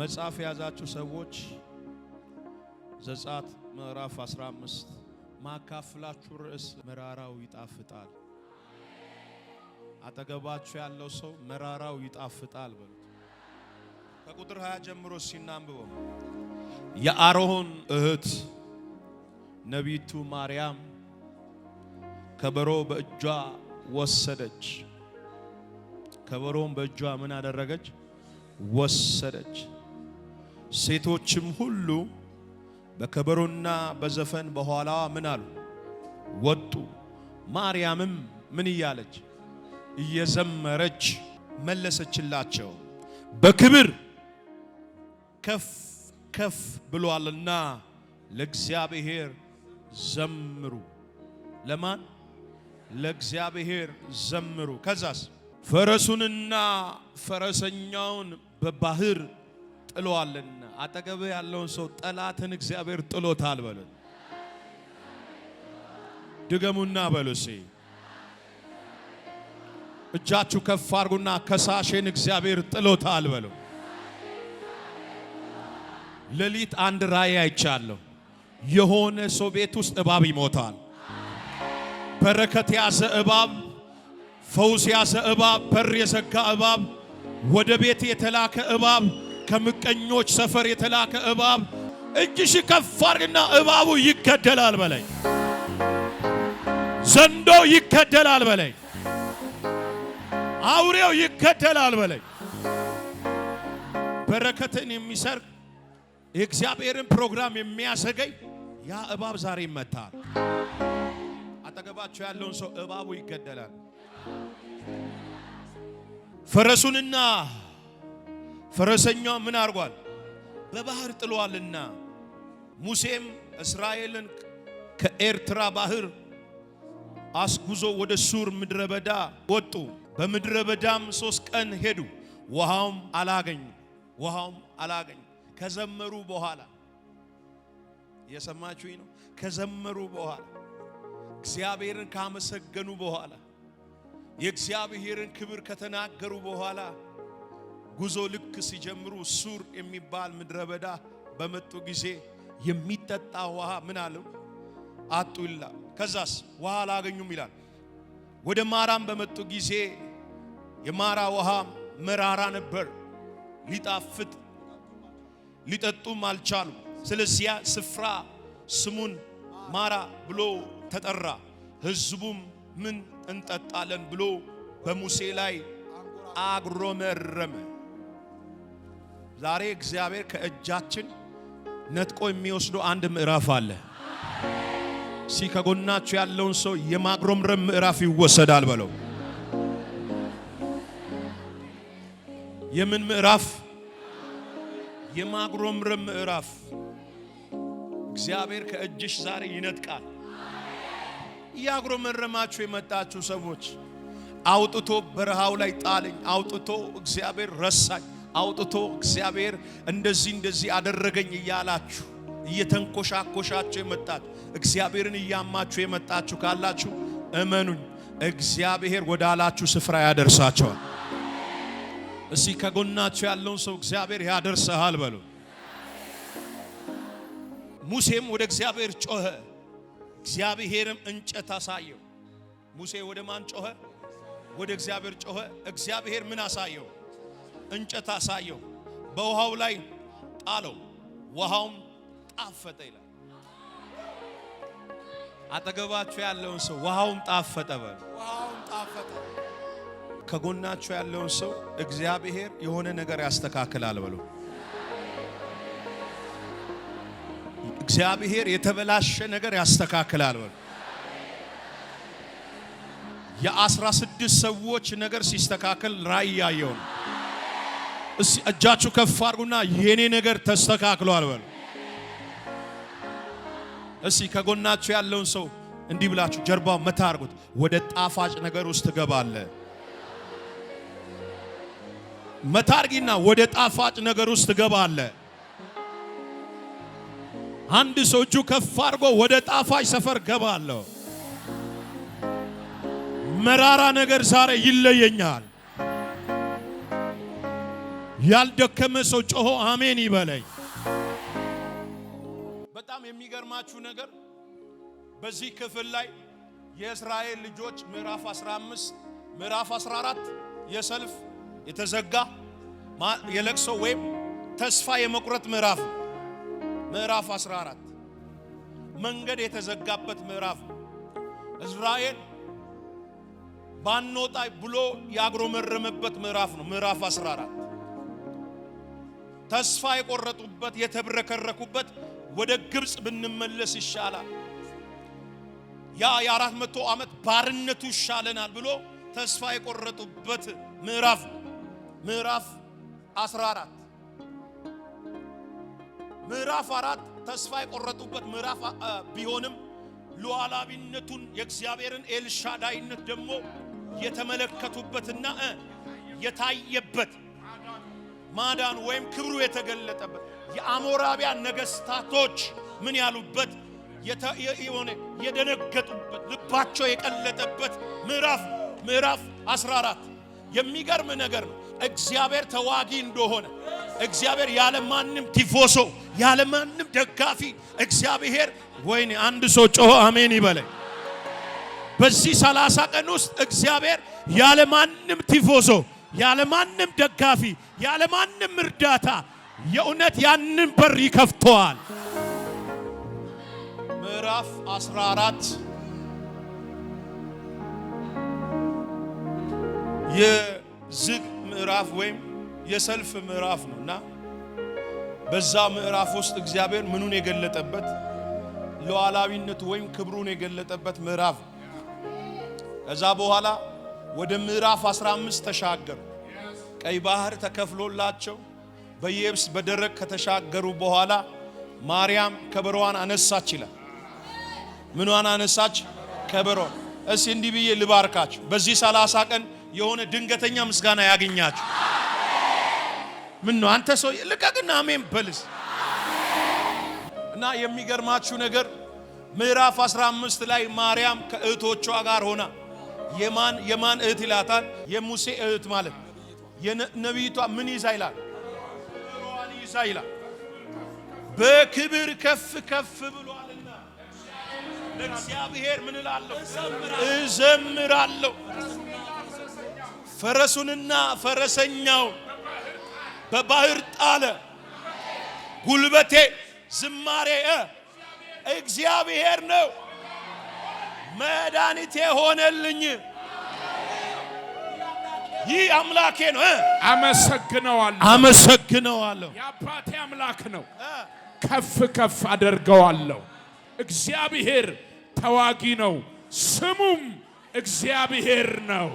መጽሐፍ የያዛችሁ ሰዎች ዘጸአት ምዕራፍ 15 ማካፍላችሁ ርዕስ መራራው ይጣፍጣል። አጠገባችሁ ያለው ሰው መራራው ይጣፍጣል በሉት። ከቁጥር 20 ጀምሮ ሲናንብበው የአሮን እህት ነቢቱ ማርያም ከበሮ በእጇ ወሰደች። ከበሮም በእጇ ምን አደረገች? ወሰደች። ሴቶችም ሁሉ በከበሮና በዘፈን በኋላዋ ምን አሉ ወጡ። ማርያምም ምን እያለች እየዘመረች መለሰችላቸው፣ በክብር ከፍ ከፍ ብሏልና ለእግዚአብሔር ዘምሩ። ለማን? ለእግዚአብሔር ዘምሩ። ከዛስ ፈረሱንና ፈረሰኛውን በባህር ጥሏልና አጠገብ ያለውን ሰው ጠላትን እግዚአብሔር ጥሎታል በሉት። ድገሙና በሉሴ እጃችሁ ከፍ አድርጉና ከሳሽን እግዚአብሔር ጥሎታል በሉ። ሌሊት አንድ ራእይ አይቻለሁ። የሆነ ሰው ቤት ውስጥ እባብ ይሞታል። በረከት ያዘ እባብ፣ ፈውስ ያዘ እባብ፣ በር የዘጋ እባብ፣ ወደ ቤት የተላከ እባብ ከምቀኞች ሰፈር የተላከ እባብ እጅሽ ከፋርና እባቡ ይገደላል በለኝ። ዘንዶ ይገደላል በለኝ። አውሬው ይገደላል በለኝ። በረከትን የሚሰርቅ የእግዚአብሔርን ፕሮግራም የሚያሰገኝ ያ እባብ ዛሬ ይመታል። አጠገባቸው ያለውን ሰው እባቡ ይገደላል። ፈረሱንና ፈረሰኛ ምን አርጓል? በባህር ጥሏልና። ሙሴም እስራኤልን ከኤርትራ ባህር አስጉዞ ወደ ሱር ምድረ በዳ ወጡ። በምድረ በዳም ሶስት ቀን ሄዱ፣ ውሃውም አላገኙ ውሃውም አላገኙ። ከዘመሩ በኋላ የሰማችሁኝ ነው። ከዘመሩ በኋላ እግዚአብሔርን ካመሰገኑ በኋላ የእግዚአብሔርን ክብር ከተናገሩ በኋላ ጉዞ ልክ ሲጀምሩ ሱር የሚባል ምድረ በዳ በመጡ ጊዜ የሚጠጣ ውሃ ምን አለ አጡ ይላል። ከዛስ ውሃ አላገኙም ይላል። ወደ ማራም በመጡ ጊዜ የማራ ውሃ መራራ ነበር፣ ሊጣፍጥ ሊጠጡም አልቻሉ። ስለዚያ ስፍራ ስሙን ማራ ብሎ ተጠራ። ህዝቡም ምን እንጠጣለን ብሎ በሙሴ ላይ አጉረመረመ። ዛሬ እግዚአብሔር ከእጃችን ነጥቆ የሚወስዶ አንድ ምዕራፍ አለ። ሲ ከጎናችሁ ያለውን ሰው የማጉረምረም ምዕራፍ ይወሰዳል በለው። የምን ምዕራፍ? የማጉረምረም ምዕራፍ እግዚአብሔር ከእጅሽ ዛሬ ይነጥቃል። እያጉረመረማችሁ የመጣችሁ ሰዎች አውጥቶ በረሃው ላይ ጣለኝ፣ አውጥቶ እግዚአብሔር ረሳኝ አውጥቶ እግዚአብሔር እንደዚህ እንደዚህ አደረገኝ እያላችሁ እየተንኮሻኮሻችሁ የመጣችሁ እግዚአብሔርን እያማችሁ የመጣችሁ ካላችሁ እመኑኝ እግዚአብሔር ወዳላችሁ ስፍራ ያደርሳቸዋል። እስኪ ከጎናችሁ ያለውን ሰው እግዚአብሔር ያደርሰሃል በሉ። ሙሴም ወደ እግዚአብሔር ጮኸ፣ እግዚአብሔርም እንጨት አሳየው። ሙሴ ወደ ማን ጮኸ? ወደ እግዚአብሔር ጮኸ። እግዚአብሔር ምን አሳየው? እንጨት አሳየው፣ በውሃው ላይ ጣለው፣ ውሃውም ጣፈጠ ይላል። አጠገባችሁ ያለውን ሰው ውሃውም ጣፈጠ በሉ። ውሃውም ጣፈጠ። ከጎናችሁ ያለውን ሰው እግዚአብሔር የሆነ ነገር ያስተካክላል በሉ። እግዚአብሔር የተበላሸ ነገር ያስተካክላል በሉ። የአስራ ስድስት ሰዎች ነገር ሲስተካከል ራእይ ያየው ነው። እስቲ እጃችሁ ከፍ አድርጉና የኔ ነገር ተስተካክሏል በሉ። እስቲ ከጎናችሁ ያለውን ሰው እንዲህ ብላችሁ ጀርባ መታ አድርጉት። ወደ ጣፋጭ ነገር ውስጥ ትገባለ። መታ አድርጊና ወደ ጣፋጭ ነገር ውስጥ ትገባለ። አንድ ሰው እጁ ከፍ አድርጎ ወደ ጣፋጭ ሰፈር ገባለሁ። መራራ ነገር ዛሬ ይለየኛል። ያልደከመ ሰው ጮሆ አሜን ይበለኝ። በጣም የሚገርማችሁ ነገር በዚህ ክፍል ላይ የእስራኤል ልጆች ምዕራፍ 15 ምዕራፍ 14 የሰልፍ የተዘጋ የለቅሶ ወይም ተስፋ የመቁረጥ ምዕራፍ ምዕራፍ 14 መንገድ የተዘጋበት ምዕራፍ እስራኤል ባንወጣ ብሎ ያግሮመረመበት ምዕራፍ ነው ምዕራፍ 14 ተስፋ የቆረጡበት የተብረከረኩበት ወደ ግብፅ ብንመለስ ይሻላል፣ ያ የአራት መቶ ዓመት ባርነቱ ይሻለናል ብሎ ተስፋ የቆረጡበት ምዕራፍ ምዕራፍ 14 ምዕራፍ አራት ተስፋ የቆረጡበት ምዕራፍ ቢሆንም ሉዓላዊነቱን የእግዚአብሔርን ኤልሻዳይነት ደግሞ የተመለከቱበትና የታየበት ማዳን ወይም ክብሩ የተገለጠበት የአሞራቢያ ነገስታቶች ምን ያሉበት የሆነ የደነገጡበት ልባቸው የቀለጠበት ምዕራፍ ምዕራፍ 14 የሚገርም ነገር ነው። እግዚአብሔር ተዋጊ እንደሆነ እግዚአብሔር ያለ ማንም ቲፎሶ ማንም ደጋፊ እግዚአብሔር ወይኔ አንድ ሰው ጮሆ አሜን ይበለኝ። በዚህ 30 ቀን ውስጥ እግዚአብሔር ያለ ማንም ቲፎሶ ያለማንም ደጋፊ ያለማንም እርዳታ የእውነት ያንን በር ይከፍተዋል። ምዕራፍ 14 የዝግ ምዕራፍ ወይም የሰልፍ ምዕራፍ ነውና በዛ ምዕራፍ ውስጥ እግዚአብሔር ምኑን የገለጠበት ሉዓላዊነቱ ወይም ክብሩን የገለጠበት ምዕራፍ ከዛ በኋላ ወደ ምዕራፍ 15 ተሻገሩ። ቀይ ባህር ተከፍሎላቸው በየብስ በደረቅ ከተሻገሩ በኋላ ማርያም ከበሮዋን አነሳች ይላል። ምኗን አነሳች? ከበሮዋን። እስቲ እንዲህ ብዬ ልባርካችሁ። በዚህ 30 ቀን የሆነ ድንገተኛ ምስጋና ያገኛችሁ። ምን ነው አንተ ሰው ልቀቅና አሜን በልስ እና የሚገርማችሁ ነገር ምዕራፍ 15 ላይ ማርያም ከእህቶቿ ጋር ሆና የማን የማን እህት ይላታል? የሙሴ እህት ማለት የነቢይቷ ምን ይዛ ይላል? ክብሯን ይዛ ይላል። በክብር ከፍ ከፍ ብሏልና ለእግዚአብሔር ምን እላለሁ? እዘምራለሁ። ፈረሱንና ፈረሰኛውን በባህር ጣለ። ጉልበቴ ዝማሬ እግዚአብሔር ነው። መድኃኒቴ ሆነልኝ። ይህ አምላኬ ነው። አመሰግነዋለሁ፣ አመሰግነዋለሁ። የአባቴ አምላክ ነው። ከፍ ከፍ አደርገዋለሁ። እግዚአብሔር ተዋጊ ነው፣ ስሙም እግዚአብሔር ነው።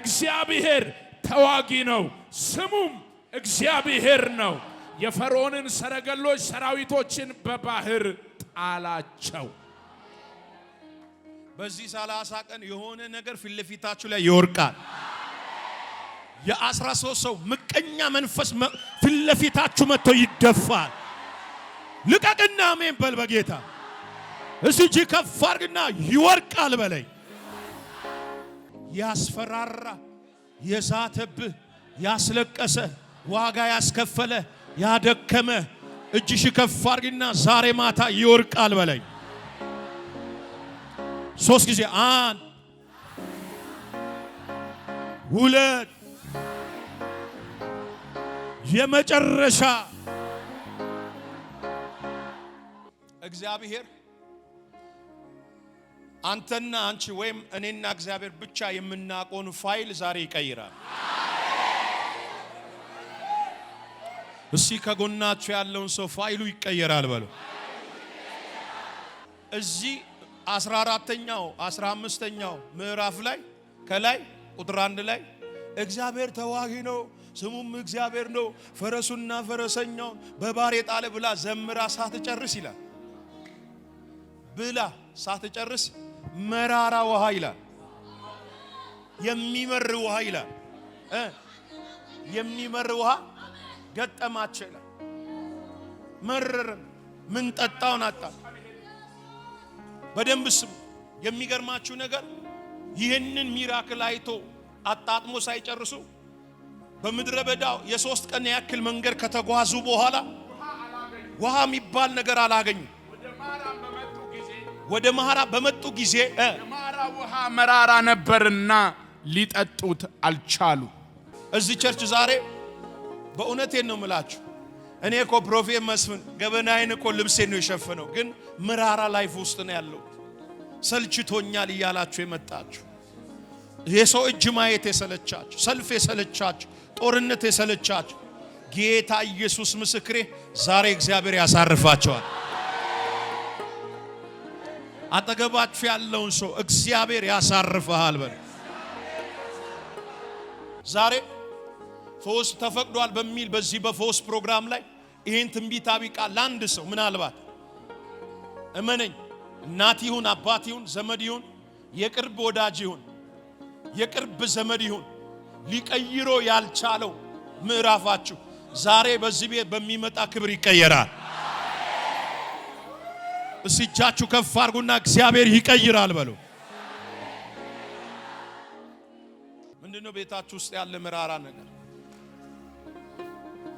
እግዚአብሔር ተዋጊ ነው፣ ስሙም እግዚአብሔር ነው። የፈርዖንን ሰረገሎች ሰራዊቶችን በባህር ጣላቸው። በዚህ 30 ቀን የሆነ ነገር ፊት ለፊታችሁ ላይ ይወርቃል። የአስራ ሶስት ሰው ምቀኛ መንፈስ ፊት ለፊታችሁ መጥቶ ይደፋል። ልቀቅና አሜን በል በጌታ እስቲ እጅ ከፍ አድርግና ይወርቃል በላይ ያስፈራራ የሳተብህ ያስለቀሰ ዋጋ ያስከፈለ ያደከመ እጅሽ ከፍ አድርግና ዛሬ ማታ ይወርቃል በላይ። ሶስት ጊዜ አንድ ሁለት የመጨረሻ እግዚአብሔር አንተና አንቺ ወይም እኔና እግዚአብሔር ብቻ የምናቆን ፋይል ዛሬ ይቀይራል። እስቲ ከጎናችሁ ያለውን ሰው ፋይሉ ይቀየራል በሉ። እዚህ አስራ አራተኛው አስራ አምስተኛው ምዕራፍ ላይ ከላይ ቁጥር አንድ ላይ እግዚአብሔር ተዋጊ ነው፣ ስሙም እግዚአብሔር ነው፣ ፈረሱና ፈረሰኛውን በባር የጣለ ብላ ዘምራ ሳትጨርስ ይላል ብላ ሳትጨርስ መራራ ውሃ ይላል የሚመር ውሃ ይላል የሚመር ውሃ ገጠማቸው ይላል። መረርን ምን ጠጣውን በደንብ ስሙ። የሚገርማችሁ ነገር ይህንን ሚራክል አይቶ አጣጥሞ ሳይጨርሱ በምድረ በዳው የሶስት ቀን ያክል መንገድ ከተጓዙ በኋላ ውሃ የሚባል ነገር አላገኙ። ወደ ማራ በመጡ ጊዜ የማራ ውሃ መራራ ነበርና ሊጠጡት አልቻሉ። እዚህ ቸርች ዛሬ በእውነቴን ነው ምላችሁ። እኔ እኮ ፕሮፌት መስፍን ገበናዬን እኮ ልብሴ ነው የሸፈነው፣ ግን ምራራ ላይፍ ውስጥ ነው ያለው። ሰልችቶኛል እያላችሁ የመጣችሁ የሰው እጅ ማየት የሰለቻችሁ፣ ሰልፍ የሰለቻችሁ፣ ጦርነት የሰለቻችሁ ጌታ ኢየሱስ ምስክሬ፣ ዛሬ እግዚአብሔር ያሳርፋቸዋል። አጠገባችሁ ያለውን ሰው እግዚአብሔር ያሳርፈሃል በል ዛሬ ፈውስ ተፈቅዷል በሚል በዚህ በፈውስ ፕሮግራም ላይ ይህን ትንቢታዊ ቃል ለአንድ ሰው ምናልባት እመነኝ፣ እናት ይሁን አባት ይሁን ዘመድ ይሁን የቅርብ ወዳጅ ይሁን የቅርብ ዘመድ ይሁን ሊቀይሮ ያልቻለው ምዕራፋችሁ ዛሬ በዚህ ቤት በሚመጣ ክብር ይቀየራል። እስጃችሁ ከፍ አድርጉና እግዚአብሔር ይቀይራል በሉ። ምንድነው ቤታችሁ ውስጥ ያለ መራራ ነገር?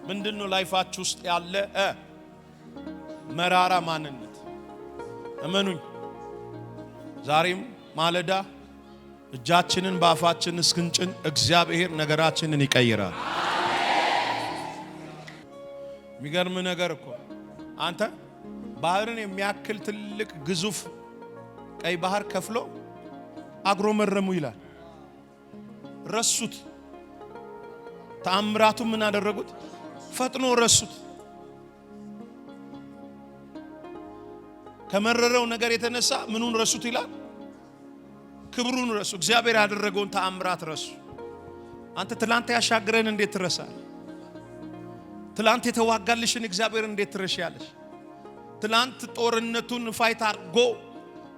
ምንድነው ላይፋች ውስጥ ያለ መራራ ማንነት? እመኑኝ፣ ዛሬም ማለዳ እጃችንን በአፋችን እስክንጭን እግዚአብሔር ነገራችንን ይቀይራል። የሚገርም ነገር እኮ አንተ ባህርን የሚያክል ትልቅ ግዙፍ ቀይ ባህር ከፍሎ አጉረመረሙ ይላል። ረሱት። ተአምራቱን ምን አደረጉት? ፈጥኖ ረሱት። ከመረረው ነገር የተነሳ ምኑን ረሱት ይላል? ክብሩን ረሱ። እግዚአብሔር ያደረገውን ተአምራት ረሱ። አንተ ትላንት ያሻገረን እንዴት ትረሳል? ትላንት የተዋጋልሽን እግዚአብሔር እንዴት ትረሻለሽ? ትላንት ጦርነቱን ፋይት አርጎ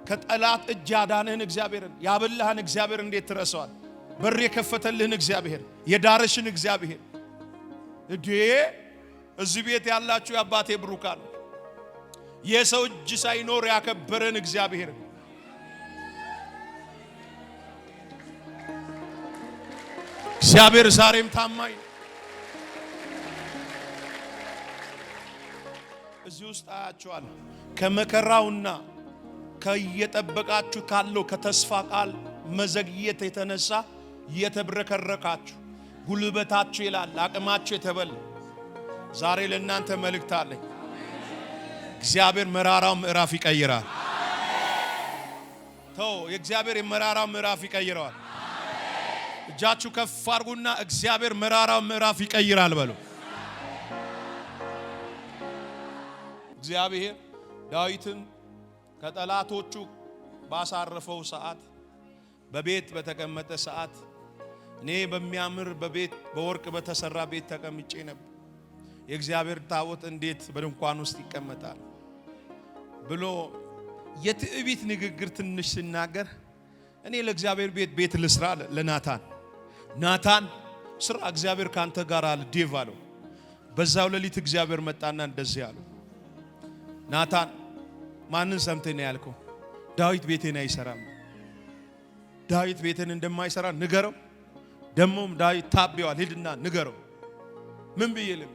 ከጠላት እጅ ያዳንህን እግዚአብሔርን ያበላህን እግዚአብሔር እንዴት ትረሳዋል? በር የከፈተልህን እግዚአብሔር የዳረሽን እግዚአብሔር እዴ እዚህ ቤት ያላችሁ የአባቴ ብሩካን የሰው እጅ ሳይኖር ያከበረን እግዚአብሔር ነው። እግዚአብሔር ዛሬም ታማኝ ነው። እዚህ ውስጥ አያችኋል። ከመከራውና ከየጠበቃችሁ ካለው ከተስፋ ቃል መዘግየት የተነሳ የተብረከረካችሁ ጉልበታችሁ ይላል አቅማችሁ የተበላ ዛሬ ለእናንተ መልእክት አለኝ። እግዚአብሔር መራራው ምዕራፍ ይቀይራል። ተው የእግዚአብሔር የመራራው ምዕራፍ ይቀይረዋል። እጃችሁ ከፍ አድርጉና እግዚአብሔር መራራው ምዕራፍ ይቀይራል በሉ። እግዚአብሔር ዳዊትን ከጠላቶቹ ባሳረፈው ሰዓት፣ በቤት በተቀመጠ ሰዓት እኔ በሚያምር በቤት በወርቅ በተሰራ ቤት ተቀምጬ ነበር። የእግዚአብሔር ታቦት እንዴት በድንኳን ውስጥ ይቀመጣል ብሎ የትዕቢት ንግግር ትንሽ ሲናገር እኔ ለእግዚአብሔር ቤት ቤት ልስራ ለናታን። ናታን ስራ፣ እግዚአብሔር ካንተ ጋር አለ ዴቭ አለው። በዛው ሌሊት እግዚአብሔር መጣና እንደዚህ አለው፣ ናታን ማንን ሰምተህ ነው ያልከው? ዳዊት ቤቴን አይሰራም። ዳዊት ቤቴን እንደማይሰራ ንገረው ደሞም ዳዊት ታቤዋል። ሂድና ንገረው ምን ብዬ ልም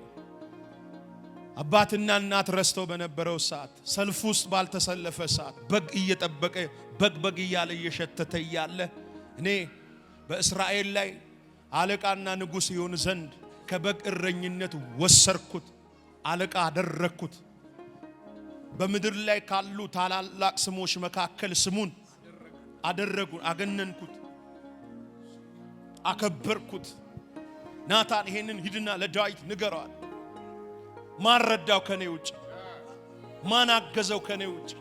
አባትና እናት ረስተው በነበረው ሰዓት ሰልፍ ውስጥ ባልተሰለፈ ሰዓት በግ እየጠበቀ በግ በግ እያለ እየሸተተ እያለ እኔ በእስራኤል ላይ አለቃና ንጉሥ ይሆን ዘንድ ከበግ እረኝነት ወሰርኩት፣ አለቃ አደረግኩት። በምድር ላይ ካሉ ታላላቅ ስሞች መካከል ስሙን አደረጉ፣ አገነንኩት። አከበርኩት። ናታን ይሄንን ሂድና ለዳዊት ንገረዋል። ማን ረዳው ከኔ ውጭ? ማን አገዘው ከኔ ውጭ?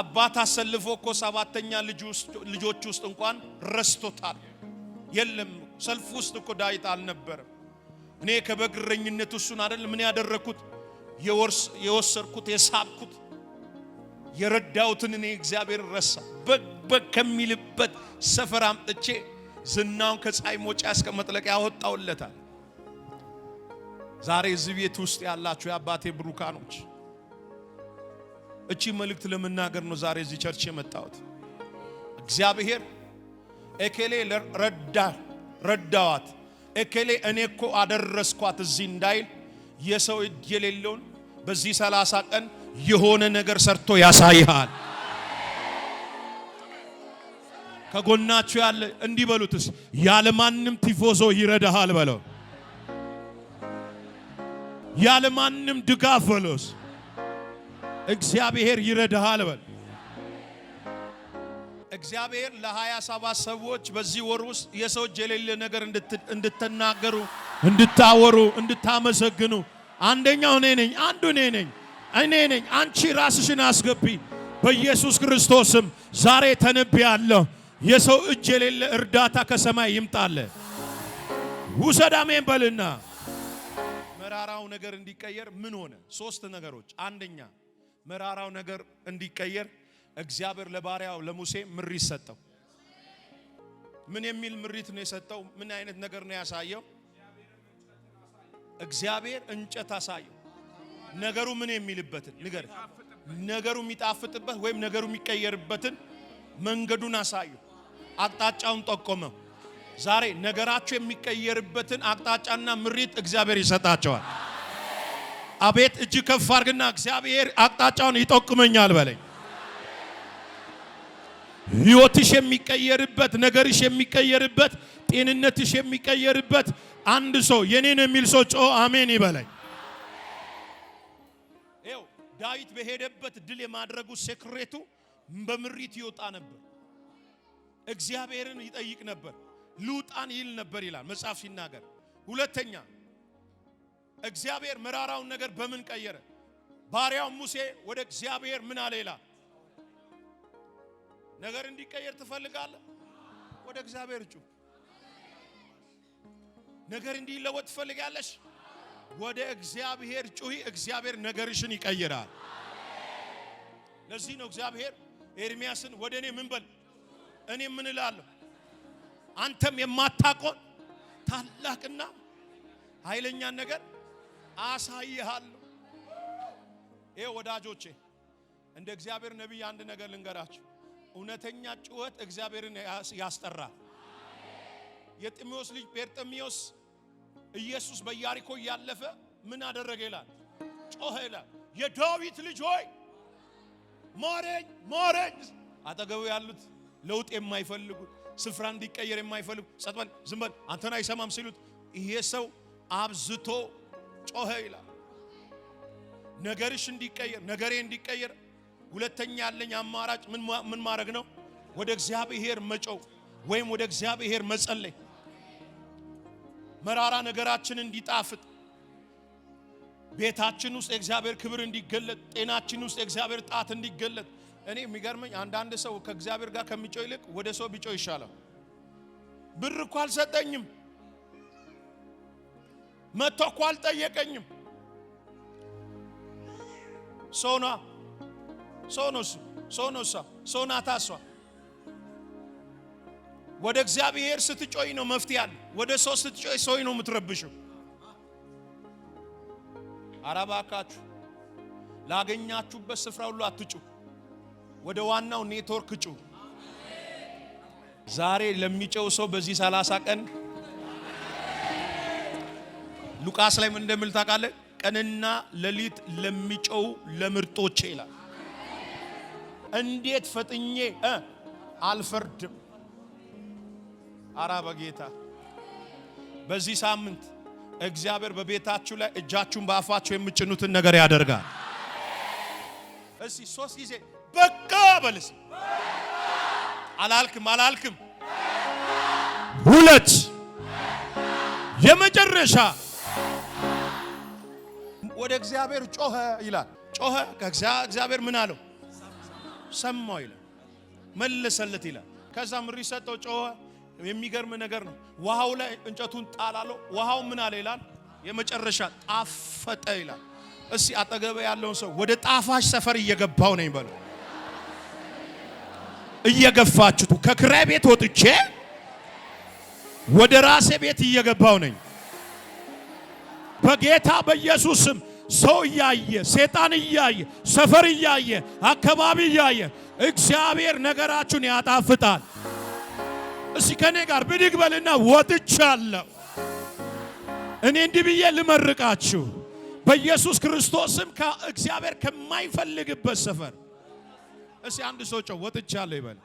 አባት አሰልፎ እኮ ሰባተኛ ልጆች ውስጥ እንኳን ረስቶታል። የለም ሰልፍ ውስጥ እኮ ዳዊት አልነበረም። እኔ ከበግረኝነት እሱን አይደል ምን ያደረኩት የወሰድኩት የሳብኩት የረዳሁትን እኔ እግዚአብሔር ረሳ። በግ በግ ከሚልበት ሰፈር አምጥቼ ዝናውን ከፀሐይ መውጫ እስከ መጥለቅ ያወጣውለታል። ዛሬ እዚህ ቤት ውስጥ ያላችሁ የአባቴ ብሩካኖች እቺ መልእክት ለመናገር ነው ዛሬ እዚህ ቸርች የመጣሁት። እግዚአብሔር እከሌ ረዳ ረዳዋት እከሌ እኔ እኮ አደረስኳት እዚህ እንዳይል የሰው እጅ የሌለውን በዚህ ሰላሳ ቀን የሆነ ነገር ሰርቶ ያሳይሃል። ከጎናችሁ ያለ እንዲበሉትስ ያለማንም ቲፎዞ ይረዳሃል በለው። ያለማንም ድጋፍ በለውስ እግዚአብሔር ይረዳሃል በል። እግዚአብሔር ለሀያ ሰባት ሰዎች በዚህ ወር ውስጥ የሰው እጅ የሌለ ነገር እንድትናገሩ፣ እንድታወሩ፣ እንድታመሰግኑ አንደኛው እኔ ነኝ። አንዱ እኔ ነኝ። እኔ ነኝ። አንቺ ራስሽን አስገቢ። በኢየሱስ ክርስቶስም ዛሬ ተነብያለሁ። የሰው እጅ የሌለ እርዳታ ከሰማይ ይምጣለ። ውሰድ አሜን በልና መራራው ነገር እንዲቀየር ምን ሆነ? ሶስት ነገሮች። አንደኛ መራራው ነገር እንዲቀየር እግዚአብሔር ለባሪያው ለሙሴ ምሪት ሰጠው። ምን የሚል ምሪት ነው የሰጠው? ምን አይነት ነገር ነው ያሳየው? እግዚአብሔር እንጨት አሳየው። ነገሩ ምን የሚልበትን ንገር፣ ነገሩ የሚጣፍጥበት ወይም ነገሩ የሚቀየርበትን መንገዱን አሳየው። አቅጣጫውን ጠቆመው። ዛሬ ነገራቸው የሚቀየርበትን አቅጣጫና ምሪት እግዚአብሔር ይሰጣቸዋል። አቤት እጅ ከፍ አድርግና እግዚአብሔር አቅጣጫውን ይጠቁመኛል በለኝ። ህይወትሽ የሚቀየርበት፣ ነገርሽ የሚቀየርበት፣ ጤንነትሽ የሚቀየርበት አንድ ሰው የኔን የሚል ሰው ጮ አሜን ይበለኝ። ዳዊት በሄደበት ድል የማድረጉ ሴክሬቱ በምሪት ይወጣ ነበር። እግዚአብሔርን ይጠይቅ ነበር። ልውጣን ይል ነበር ይላል መጽሐፍ ሲናገር። ሁለተኛ እግዚአብሔር መራራውን ነገር በምን ቀየረ? ባሪያው ሙሴ ወደ እግዚአብሔር ምን አለ ይላል። ነገር እንዲቀየር ትፈልጋለህ? ወደ እግዚአብሔር እጩ ነገር እንዲለወጥ ትፈልጋለሽ? ወደ እግዚአብሔር ጩሂ። እግዚአብሔር ነገርሽን ይቀይራል። ለዚህ ነው እግዚአብሔር ኤርሚያስን ወደ እኔ ምን በል እኔ ምን እላለሁ? አንተም የማታቆን ታላቅና ኃይለኛ ነገር አሳይሃለሁ። ይሄ ወዳጆቼ እንደ እግዚአብሔር ነቢይ አንድ ነገር ልንገራችሁ። እውነተኛ ጩኸት እግዚአብሔርን ያስጠራል። የጢሞስ ልጅ ጴርጠሚዎስ ኢየሱስ በኢያሪኮ እያለፈ ምን አደረገ ይላል? ጮኸ ይላል። የዳዊት ልጅ ሆይ ማረኝ፣ ማረኝ። አጠገቡ ያሉት ለውጥ የማይፈልጉት ስፍራ እንዲቀየር የማይፈልጉ ጸጥ በል ዝም በል አንተን አይሰማም ሲሉት ይሄ ሰው አብዝቶ ጮኸ ይላል። ነገርሽ እንዲቀየር ነገሬ እንዲቀየር ሁለተኛ ያለኝ አማራጭ ምን ማድረግ ነው? ወደ እግዚአብሔር መጮው ወይም ወደ እግዚአብሔር መጸለይ። መራራ ነገራችን እንዲጣፍጥ፣ ቤታችን ውስጥ የእግዚአብሔር ክብር እንዲገለጥ፣ ጤናችን ውስጥ የእግዚአብሔር ጣት እንዲገለጥ እኔ የሚገርመኝ አንዳንድ ሰው ከእግዚአብሔር ጋር ከሚጮ ይልቅ ወደ ሰው ቢጮ ይሻላል። ብር እኮ አልሰጠኝም፣ መጥቶ እኮ አልጠየቀኝም። ሶና ሶኖሱ ሶኖሳ ሶናታ ሷ ወደ እግዚአብሔር ስትጮይ ነው መፍትሄ አለ። ወደ ሰው ስትጮይ ሰው ነው የምትረብሽው። አራባካችሁ ላገኛችሁበት ስፍራ ሁሉ አትጩ። ወደ ዋናው ኔትወርክ ጩ። ዛሬ ለሚጨው ሰው በዚህ 30 ቀን ሉቃስ ላይ ምን እንደሚል ታውቃለህ? ቀንና ሌሊት ለሚጨው ለምርጦቼ ይላል። እንዴት ፈጥኜ አልፈርድም። አራ በጌታ በዚህ ሳምንት እግዚአብሔር በቤታችሁ ላይ እጃችሁን በአፋችሁ የምጭኑትን ነገር ያደርጋል። እስቲ ሶስት ጊዜ በቃ በልስ። አላልክም አላልክም። ሁለት የመጨረሻ ወደ እግዚአብሔር ጮኸ ይላል። ጮኸ ከእግዚአብሔር ምን አለው? ሰማው ይላል። መለሰለት ይላል። ከዛም ሪሰጠው ሰጠው። ጮኸ። የሚገርም ነገር ነው። ውሃው ላይ እንጨቱን ጣላለው። ውሃው ምን አለ ይላል? የመጨረሻ ጣፈጠ ይላል። እስኪ አጠገበ ያለውን ሰው ወደ ጣፋጭ ሰፈር እየገባው ነኝ በለው። እየገፋችሁ ከክራይ ቤት ወጥቼ ወደ ራሴ ቤት እየገባው ነኝ። በጌታ በኢየሱስ ሰው እያየ ሴጣን እያየ ሰፈር እያየ አካባቢ እያየ እግዚአብሔር ነገራችሁን ያጣፍጣል። እስኪ ከኔ ጋር ብድግ በልና ወጥቻለሁ። እኔ እንዲህ ብዬ ልመርቃችሁ በኢየሱስ ክርስቶስም ከእግዚአብሔር ከማይፈልግበት ሰፈር እስኪ አንድ ሰው ጨው ወጥቻለሁ ይበል።